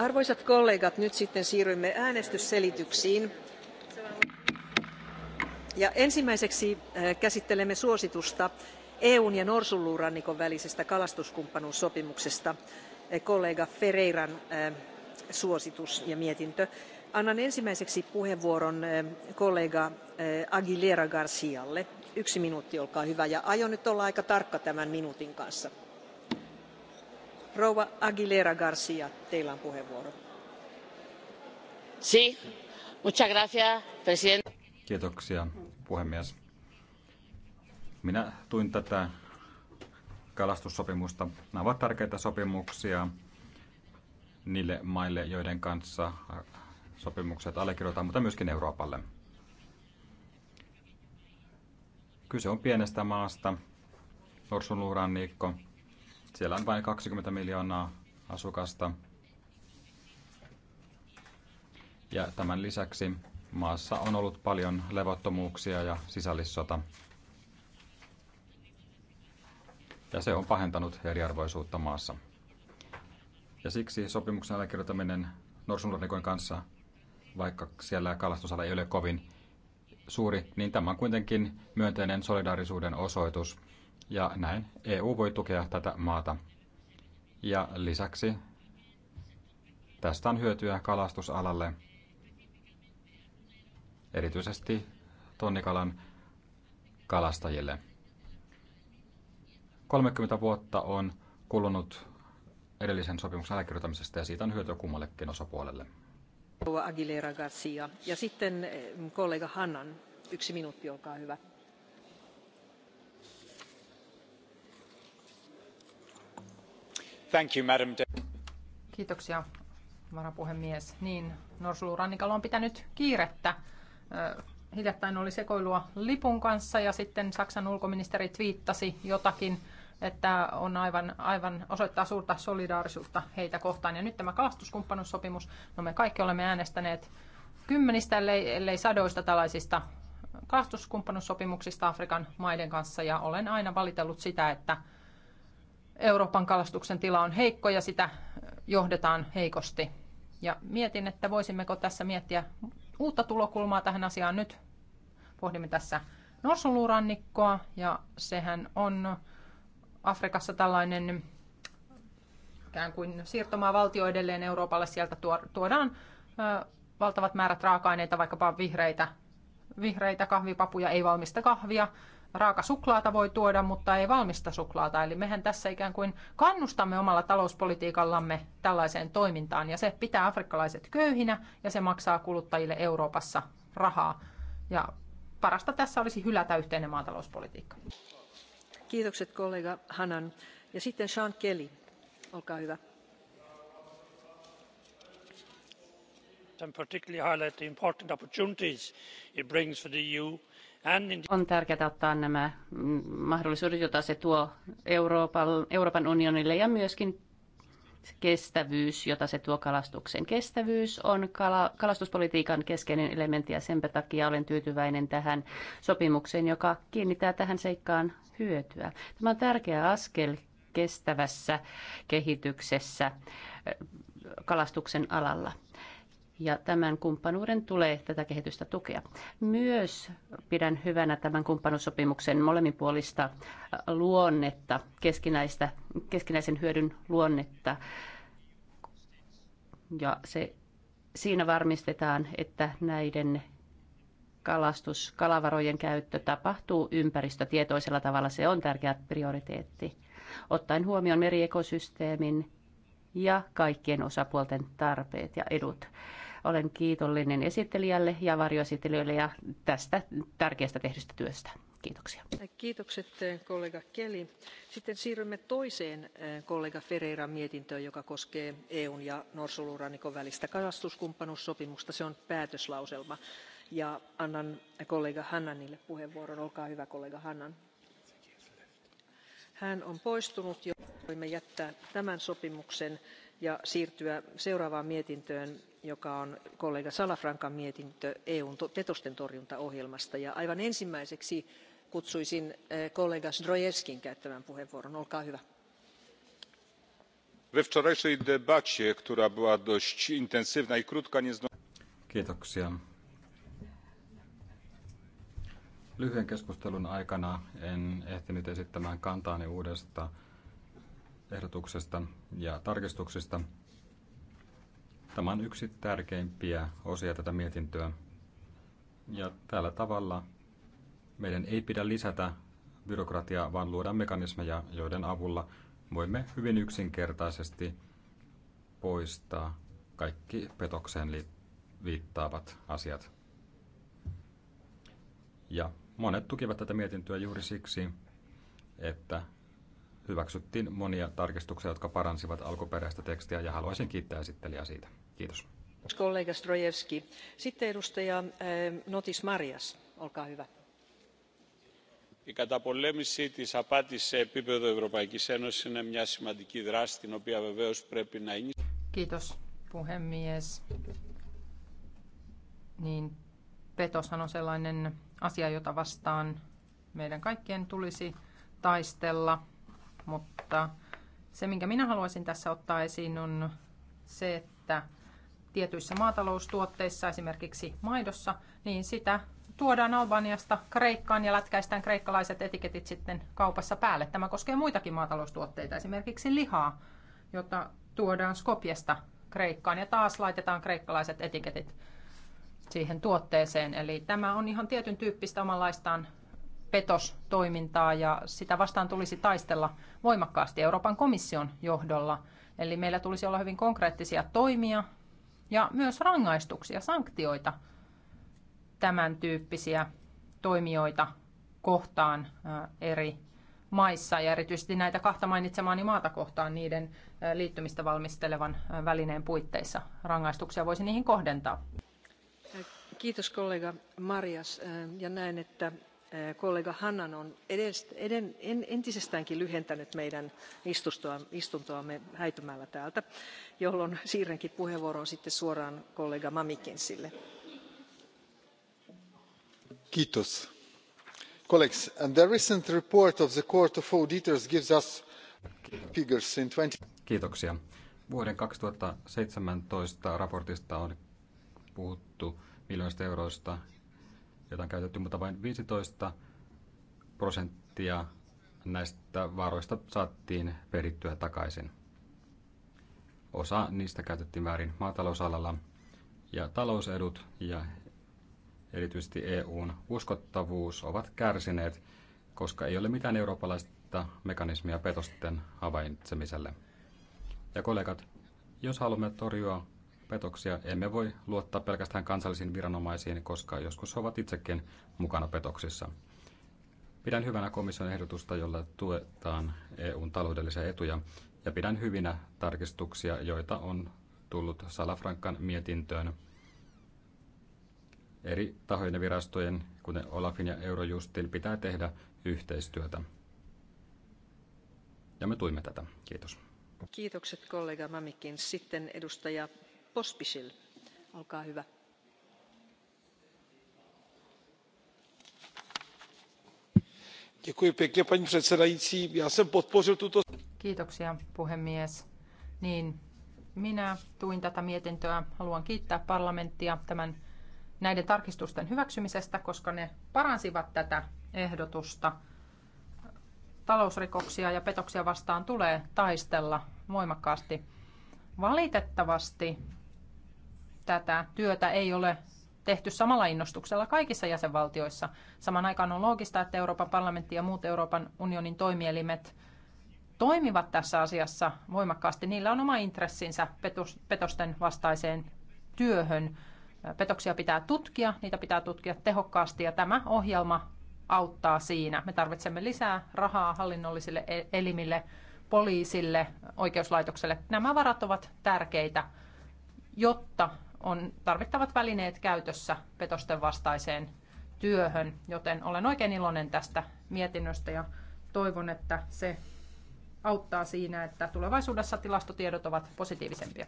Arvoisat kollegat, nyt sitten siirrymme äänestysselityksiin. Ja ensimmäiseksi äh, käsittelemme suositusta EUn ja Norsunluurannikon välisestä kalastuskumppanuussopimuksesta. Äh, kollega Ferreiran äh, suositus ja mietintö. Annan ensimmäiseksi puheenvuoron kollega Aguilera Garcialle. Yksi minuutti, olkaa hyvä. Ja aion nyt olla aika tarkka tämän minuutin kanssa arvoisa puhemies. Minä tuin tätä kalastussopimusta. Nämä ovat tärkeitä sopimuksia niille maille, joiden kanssa sopimukset allekirjoitetaan, mutta myöskin Euroopalle. Kyse on pienestä maasta, norsunluurannikko, siellä on vain 20 miljoonaa asukasta. Ja tämän lisäksi maassa on ollut paljon levottomuuksia ja sisällissota. Ja se on pahentanut eriarvoisuutta maassa. Ja siksi sopimuksen allekirjoittaminen norsunlurnikon kanssa, vaikka siellä kalastusala ei ole kovin suuri, niin tämä on kuitenkin myönteinen solidaarisuuden osoitus – ja näin EU voi tukea tätä maata. Ja lisäksi tästä on hyötyä kalastusalalle, erityisesti tonnikalan kalastajille. 30 vuotta on kulunut edellisen sopimuksen allekirjoittamisesta ja siitä on hyötyä kummallekin osapuolelle. Aguilera Garcia. Ja sitten eh, kollega Hannan. Yksi minuutti, olkaa hyvä. Thank you, Kiitoksia, varapuhemies. Niin, Norsulurannikolla on pitänyt kiirettä. Hiljattain oli sekoilua lipun kanssa ja sitten Saksan ulkoministeri twiittasi jotakin, että on aivan, aivan osoittaa suurta solidaarisuutta heitä kohtaan. Ja nyt tämä kalastuskumppanuussopimus, no me kaikki olemme äänestäneet kymmenistä, ellei, ellei sadoista tällaisista kalastuskumppanuussopimuksista Afrikan maiden kanssa ja olen aina valitellut sitä, että Euroopan kalastuksen tila on heikko ja sitä johdetaan heikosti. Ja mietin, että voisimmeko tässä miettiä uutta tulokulmaa tähän asiaan nyt. Pohdimme tässä norsunluurannikkoa ja sehän on Afrikassa tällainen ikään kuin siirtomaavaltio edelleen Euroopalle. Sieltä tuodaan valtavat määrät raaka-aineita, vaikkapa vihreitä, vihreitä kahvipapuja, ei valmista kahvia, raaka suklaata voi tuoda, mutta ei valmista suklaata. Eli mehän tässä ikään kuin kannustamme omalla talouspolitiikallamme tällaiseen toimintaan. Ja se pitää afrikkalaiset köyhinä ja se maksaa kuluttajille Euroopassa rahaa. Ja parasta tässä olisi hylätä yhteinen maatalouspolitiikka. Kiitokset kollega Hanan. Ja sitten Sean Kelly, olkaa hyvä. And particularly highlight the important opportunities it brings for the EU on tärkeää ottaa nämä mahdollisuudet, joita se tuo Euroopan, Euroopan unionille ja myöskin kestävyys, jota se tuo kalastuksen. Kestävyys on kala, kalastuspolitiikan keskeinen elementti ja sen takia olen tyytyväinen tähän sopimukseen, joka kiinnittää tähän seikkaan hyötyä. Tämä on tärkeä askel kestävässä kehityksessä eh, kalastuksen alalla ja tämän kumppanuuden tulee tätä kehitystä tukea. Myös pidän hyvänä tämän kumppanuussopimuksen molemminpuolista luonnetta, keskinäistä, keskinäisen hyödyn luonnetta. Ja se, siinä varmistetaan, että näiden kalastus, kalavarojen käyttö tapahtuu ympäristötietoisella tavalla. Se on tärkeä prioriteetti, ottaen huomioon meriekosysteemin ja kaikkien osapuolten tarpeet ja edut. Olen kiitollinen esittelijälle ja varjoesittelijöille ja tästä tärkeästä tehdystä työstä. Kiitoksia. Kiitokset eh, kollega Keli. Sitten siirrymme toiseen eh, kollega Ferreiran mietintöön, joka koskee EUn ja Norsulurannikon välistä kalastuskumppanuussopimusta. Se on päätöslauselma. Ja annan kollega Hannanille puheenvuoron. Olkaa hyvä kollega Hannan. Hän on poistunut jo voimme jättää tämän sopimuksen ja siirtyä seuraavaan mietintöön joka on kollega salafrancan mietintö eun petosten torjuntaohjelmasta ja aivan ensimmäiseksi kutsuisin eh, kollega zdrojewskin käyttämään puheenvuoron. olkaa hyvä. we wczorajszej debacie która była dość intensywna i krótka nie Lyhyen keskustelun aikana en ehtinyt esittämään kantaani uudesta ehdotuksesta ja tarkistuksista. Tämä on yksi tärkeimpiä osia tätä mietintöä. Ja tällä tavalla meidän ei pidä lisätä byrokratiaa, vaan luoda mekanismeja, joiden avulla voimme hyvin yksinkertaisesti poistaa kaikki petokseen viittaavat asiat. Ja monet tukivat tätä mietintöä juuri siksi, että hyväksyttiin monia tarkistuksia, jotka paransivat alkuperäistä tekstiä ja haluaisin kiittää esittelijää siitä. Kollega Strojevski. Sitten edustaja eh, Notis Marias, olkaa hyvä. Η καταπολέμηση της απάτης σε επίπεδο Ευρωπαϊκής Ένωσης είναι μια σημαντική δράση την οποία βεβαίως πρέπει να είναι. Kiitos puhemies. Niin Petos on sellainen asia, jota vastaan meidän kaikkien tulisi taistella, mutta se, minkä minä haluaisin tässä ottaa esiin, on se, että tietyissä maataloustuotteissa, esimerkiksi maidossa, niin sitä tuodaan Albaniasta Kreikkaan ja lätkäistään kreikkalaiset etiketit sitten kaupassa päälle. Tämä koskee muitakin maataloustuotteita, esimerkiksi lihaa, jota tuodaan Skopjesta Kreikkaan ja taas laitetaan kreikkalaiset etiketit siihen tuotteeseen. Eli tämä on ihan tietyn tyyppistä omanlaistaan petostoimintaa ja sitä vastaan tulisi taistella voimakkaasti Euroopan komission johdolla. Eli meillä tulisi olla hyvin konkreettisia toimia ja myös rangaistuksia, sanktioita tämän tyyppisiä toimijoita kohtaan eri maissa ja erityisesti näitä kahta mainitsemaani maata kohtaan niiden liittymistä valmistelevan välineen puitteissa. Rangaistuksia voisi niihin kohdentaa. Kiitos kollega Marias ja näen, että Eh, kollega hannan on edes, entisestäänkin lyhentänyt meidän istuntoamme häipymällä täältä jolloin siirränkin puheenvuoron sitten suoraan kollega mamikensille. Kiitos. Colleagues, the recent report of the Court of Auditors gives us figures in 20... Kiitoksia. Vuoden 2017 raportista on puhuttu miljoonista euroista joita on käytetty, mutta vain 15 prosenttia näistä varoista saatiin perittyä takaisin. Osa niistä käytettiin väärin maatalousalalla ja talousedut ja erityisesti EUn uskottavuus ovat kärsineet, koska ei ole mitään eurooppalaista mekanismia petosten havaitsemiselle. Ja kollegat, jos haluamme torjua petoksia. Emme voi luottaa pelkästään kansallisiin viranomaisiin, koska joskus he ovat itsekin mukana petoksissa. Pidän hyvänä komission ehdotusta, jolla tuetaan EUn taloudellisia etuja, ja pidän hyvinä tarkistuksia, joita on tullut Salafrankan mietintöön eri tahojen ja virastojen, kuten Olafin ja Eurojustin, pitää tehdä yhteistyötä. Ja me tuimme tätä. Kiitos. Kiitokset kollega Mamikin. Sitten edustaja pospil olkaa hyvä. paní předsedající já jsem podpořil tuto. kiitoksia puhemies niin minä tuin tätä mietintöä. Haluan kiittää parlamenttia tämän näiden tarkistusten hyväksymisestä, koska ne paransivat tätä ehdotusta. Talousrikoksia ja petoksia vastaan tulee taistella voimakkaasti. Valitettavasti tätä työtä ei ole tehty samalla innostuksella kaikissa jäsenvaltioissa. Saman aikaan on loogista, että Euroopan parlamentti ja muut Euroopan unionin toimielimet toimivat tässä asiassa voimakkaasti. Niillä on oma intressinsä petosten vastaiseen työhön. Petoksia pitää tutkia, niitä pitää tutkia tehokkaasti ja tämä ohjelma auttaa siinä. Me tarvitsemme lisää rahaa hallinnollisille e-, elimille, poliisille, oikeuslaitokselle. Nämä varat ovat tärkeitä, jotta on tarvittavat välineet käytössä petosten vastaiseen työhön, joten olen oikein iloinen tästä mietinnöstä ja toivon, että se auttaa siinä, että tulevaisuudessa tilastotiedot ovat positiivisempia.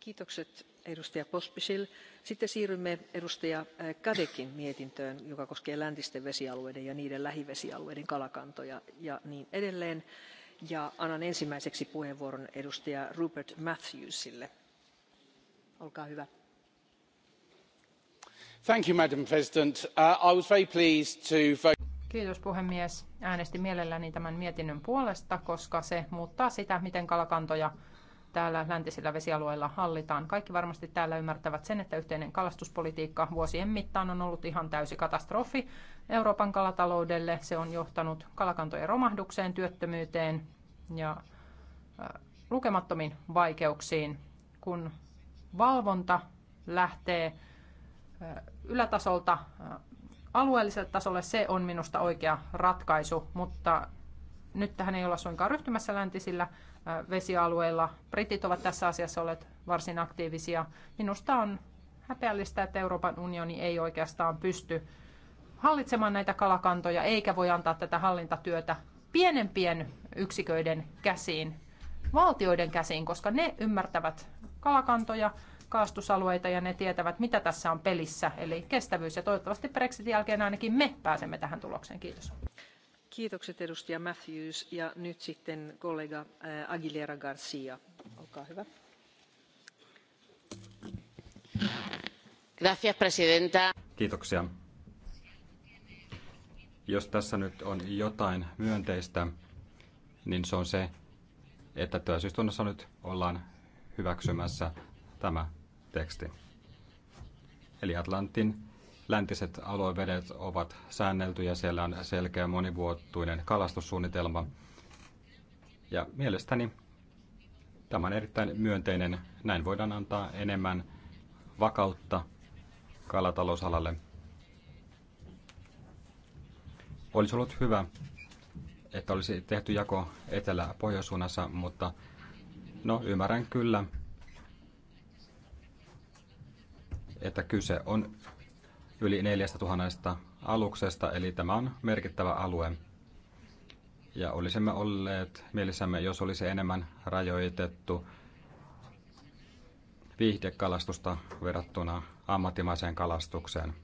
Kiitokset edustaja Pospisil. Sitten siirrymme edustaja äh, Kadekin mietintöön, joka koskee läntisten vesialueiden ja niiden lähivesialueiden kalakantoja ja niin edelleen. Ja annan ensimmäiseksi puheenvuoron edustaja Rupert Matthewsille. Uh, Kiitos puhemies. Äänestin mielelläni tämän mietinnön puolesta, koska se muuttaa sitä, miten kalakantoja täällä läntisillä vesialueilla hallitaan. Kaikki varmasti täällä ymmärtävät sen, että yhteinen kalastuspolitiikka vuosien mittaan on ollut ihan täysi katastrofi Euroopan kalataloudelle. Se on johtanut kalakantojen romahdukseen, työttömyyteen ja äh, lukemattomiin vaikeuksiin, kun valvonta lähtee ylätasolta alueelliselle tasolle, se on minusta oikea ratkaisu, mutta nyt tähän ei olla suinkaan ryhtymässä läntisillä vesialueilla. Britit ovat tässä asiassa olleet varsin aktiivisia. Minusta on häpeällistä, että Euroopan unioni ei oikeastaan pysty hallitsemaan näitä kalakantoja, eikä voi antaa tätä hallintatyötä pienempien yksiköiden käsiin, valtioiden käsiin, koska ne ymmärtävät kalakantoja, kaastusalueita ja ne tietävät, mitä tässä on pelissä, eli kestävyys. Ja toivottavasti Brexitin jälkeen ainakin me pääsemme tähän tulokseen. Kiitos. Kiitokset edustaja Matthews ja nyt sitten kollega Aguilera Garcia. Olkaa hyvä. Gracias, presidenta. Kiitoksia. Jos tässä nyt on jotain myönteistä, niin se on se, että työsyystunnossa nyt ollaan hyväksymässä tämä teksti. Eli Atlantin läntiset aluevedet ovat säänneltyjä, siellä on selkeä monivuotuinen kalastussuunnitelma. Ja mielestäni tämä on erittäin myönteinen. Näin voidaan antaa enemmän vakautta kalatalousalalle. Olisi ollut hyvä, että olisi tehty jako etelä-pohjoissuunnassa, mutta No ymmärrän kyllä, että kyse on yli 4000 aluksesta, eli tämä on merkittävä alue. Ja olisimme olleet mielissämme, jos olisi enemmän rajoitettu viihdekalastusta verrattuna ammattimaiseen kalastukseen.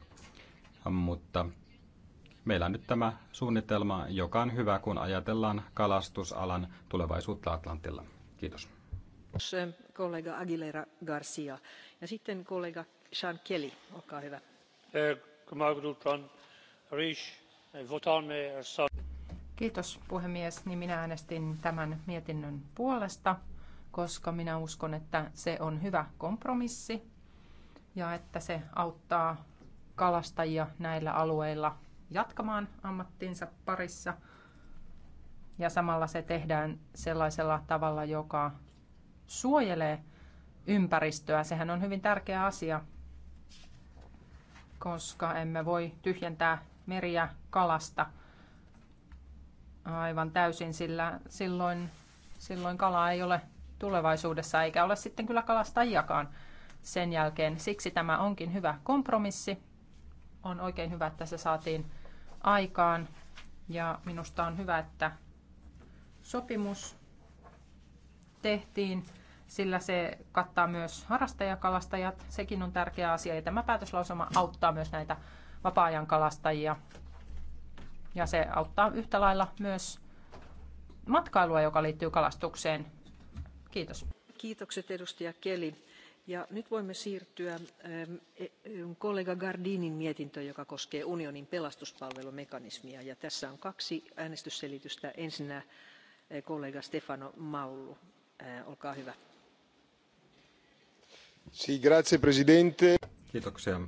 Mutta meillä on nyt tämä suunnitelma, joka on hyvä, kun ajatellaan kalastusalan tulevaisuutta Atlantilla. Kiitos. Eh, kollega Aguilera Garcia. Ja sitten kollega Sean Kelly, olkaa eh, eh, er Kiitos puhemies. Niin minä äänestin tämän mietinnön puolesta, koska minä uskon, että se on hyvä kompromissi ja että se auttaa kalastajia näillä alueilla jatkamaan ammattinsa parissa. Ja samalla se tehdään sellaisella tavalla, joka suojelee ympäristöä. Sehän on hyvin tärkeä asia, koska emme voi tyhjentää meriä kalasta aivan täysin, sillä silloin, silloin kalaa ei ole tulevaisuudessa, eikä ole sitten kyllä kalastajiakaan sen jälkeen. Siksi tämä onkin hyvä kompromissi. On oikein hyvä, että se saatiin aikaan. Ja minusta on hyvä, että sopimus tehtiin sillä se kattaa myös harrastajakalastajat. Sekin on tärkeä asia ja tämä päätöslausuma auttaa myös näitä vapaa-ajan kalastajia. Ja se auttaa yhtä lailla myös matkailua, joka liittyy kalastukseen. Kiitos. Kiitokset edustaja Keli. Ja nyt voimme siirtyä ähm, e, e, kollega Gardinin mietintöön, joka koskee unionin pelastuspalvelumekanismia. Ja tässä on kaksi äänestysselitystä. Ensinnä äh, kollega Stefano Maulu. Äh, olkaa hyvä. Grazie, presidente. Kiitoksia.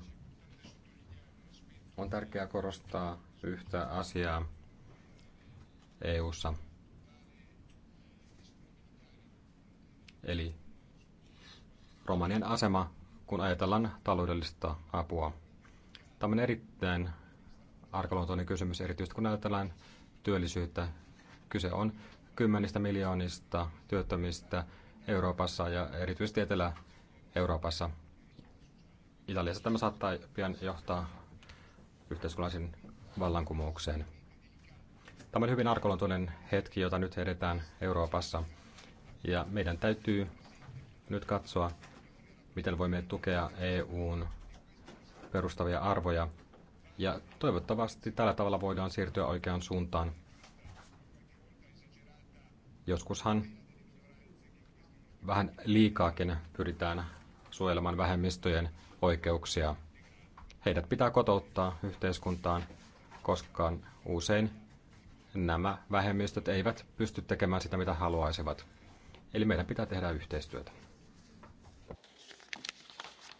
On tärkeää korostaa yhtä asiaa EU:ssa. Eli romanien asema, kun ajatellaan taloudellista apua. Tämä on erittäin arkaluontoinen kysymys, erityisesti kun ajatellaan työllisyyttä. Kyse on kymmenistä miljoonista työttömistä Euroopassa ja erityisesti etelä Euroopassa. Italiassa tämä saattaa pian johtaa yhteiskunnallisen vallankumoukseen. Tämä on hyvin arkaluontoinen hetki, jota nyt edetään Euroopassa. Ja meidän täytyy nyt katsoa, miten voimme tukea EUn perustavia arvoja. Ja toivottavasti tällä tavalla voidaan siirtyä oikeaan suuntaan. Joskushan vähän liikaakin pyritään suojelemaan vähemmistöjen oikeuksia. Heidät pitää kotouttaa yhteiskuntaan, koska usein nämä vähemmistöt eivät pysty tekemään sitä, mitä haluaisivat. Eli meidän pitää tehdä yhteistyötä.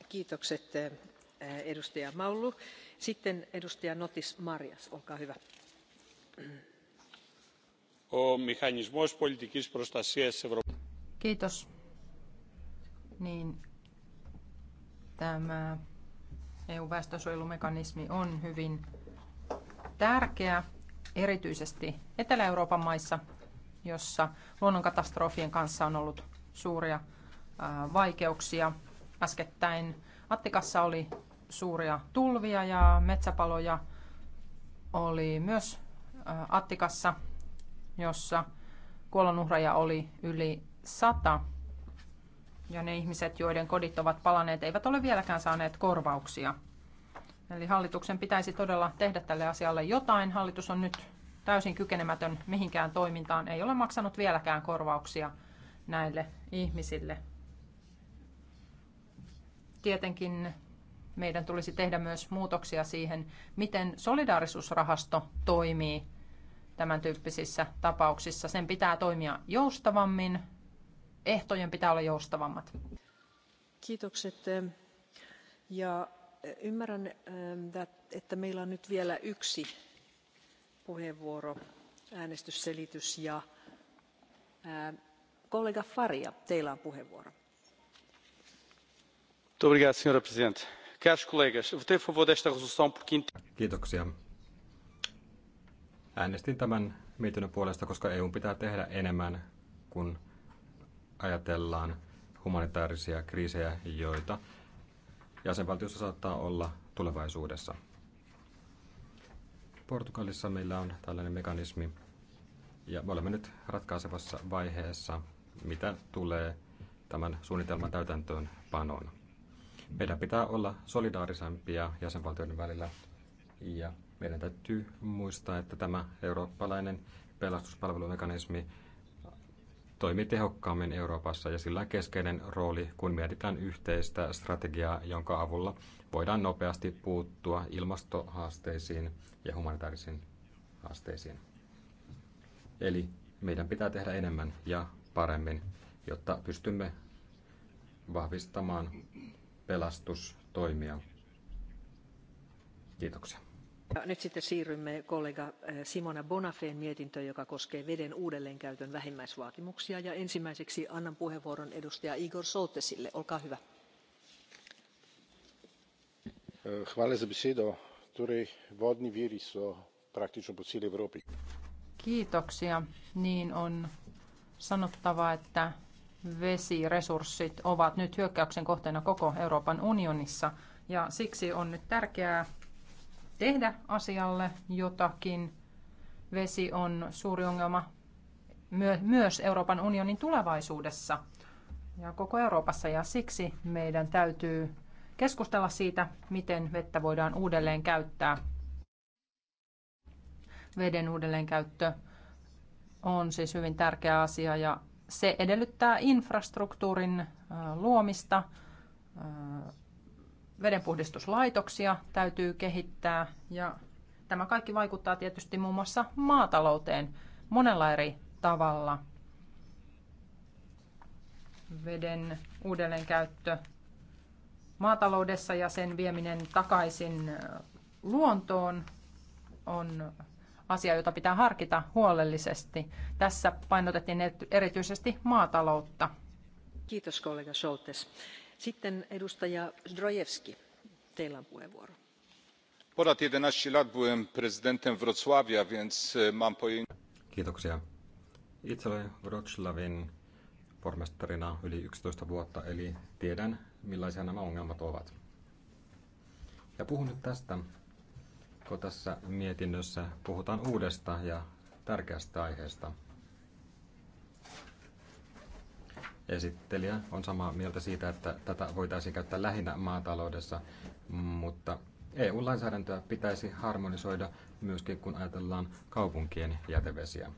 Kiitokset eh, edustaja Maulu. Sitten edustaja Notis Marias, olkaa hyvä. O mekanismos politikis prostasias Kiitos. Niin Tämä EU-väestönsuojelumekanismi on hyvin tärkeä, erityisesti Etelä-Euroopan maissa, jossa luonnonkatastrofien kanssa on ollut suuria vaikeuksia. Äskettäin Attikassa oli suuria tulvia ja metsäpaloja oli myös Attikassa, jossa kuolonuhreja oli yli sata ja ne ihmiset, joiden kodit ovat palaneet, eivät ole vieläkään saaneet korvauksia. Eli hallituksen pitäisi todella tehdä tälle asialle jotain. Hallitus on nyt täysin kykenemätön mihinkään toimintaan, ei ole maksanut vieläkään korvauksia näille ihmisille. Tietenkin meidän tulisi tehdä myös muutoksia siihen, miten solidaarisuusrahasto toimii tämän tyyppisissä tapauksissa. Sen pitää toimia joustavammin, ehtojen pitää olla joustavammat. Kiitokset. Ja e, ymmärrän, e, että meillä on nyt vielä yksi puheenvuoro, äänestysselitys ja kollega Faria, teillä on puheenvuoro. Kiitoksia. Äänestin tämän mietinnön puolesta, koska EU pitää tehdä enemmän, kuin ajatellaan humanitaarisia kriisejä, joita jäsenvaltiossa saattaa olla tulevaisuudessa. Portugalissa meillä on tällainen mekanismi ja me olemme nyt ratkaisevassa vaiheessa, mitä tulee tämän suunnitelman täytäntöön panoon. Meidän pitää olla solidaarisempia jäsenvaltioiden välillä ja meidän täytyy muistaa, että tämä eurooppalainen pelastuspalvelumekanismi toimii tehokkaammin Euroopassa ja sillä on keskeinen rooli, kun mietitään yhteistä strategiaa, jonka avulla voidaan nopeasti puuttua ilmastohaasteisiin ja humanitaarisiin haasteisiin. Eli meidän pitää tehdä enemmän ja paremmin, jotta pystymme vahvistamaan pelastustoimia. Kiitoksia nyt sitten siirrymme kollega eh, Simona Bonafeen mietintöön, joka koskee veden uudelleenkäytön vähimmäisvaatimuksia. Ja ensimmäiseksi annan puheenvuoron edustaja Igor Soltesille. Olkaa hyvä. Eh, Kiitoksia. Niin on sanottava, että vesiresurssit ovat nyt hyökkäyksen kohteena koko Euroopan unionissa. Ja siksi on nyt tärkeää, tehdä asialle jotakin. Vesi on suuri ongelma myös Euroopan unionin tulevaisuudessa ja koko Euroopassa ja siksi meidän täytyy keskustella siitä, miten vettä voidaan uudelleen käyttää. Veden uudelleenkäyttö on siis hyvin tärkeä asia ja se edellyttää infrastruktuurin luomista, vedenpuhdistuslaitoksia täytyy kehittää ja tämä kaikki vaikuttaa tietysti muun muassa maatalouteen monella eri tavalla. Veden uudelleenkäyttö maataloudessa ja sen vieminen takaisin luontoon on asia, jota pitää harkita huolellisesti. Tässä painotettiin erityisesti maataloutta. Kiitos kollega Scholtes. Sitten edustaja Zdrojewski, teillä on puheenvuoro. Ponad 11 lat byłem prezydentem Wrocławia, więc e, mam pojęcie. Kiitoksia. Itse Wrocławin pormestarina yli 11 vuotta, eli tiedän millaisia nämä ongelmat ovat. Ja puhun nyt tästä, kun tässä mietinnössä puhutaan uudesta ja tärkeästä aiheesta. esittelijä on samaa mieltä siitä, että tätä voitaisiin käyttää lähinnä maataloudessa, mutta EU-lainsäädäntöä pitäisi harmonisoida myöskin, kun ajatellaan kaupunkien jätevesiä.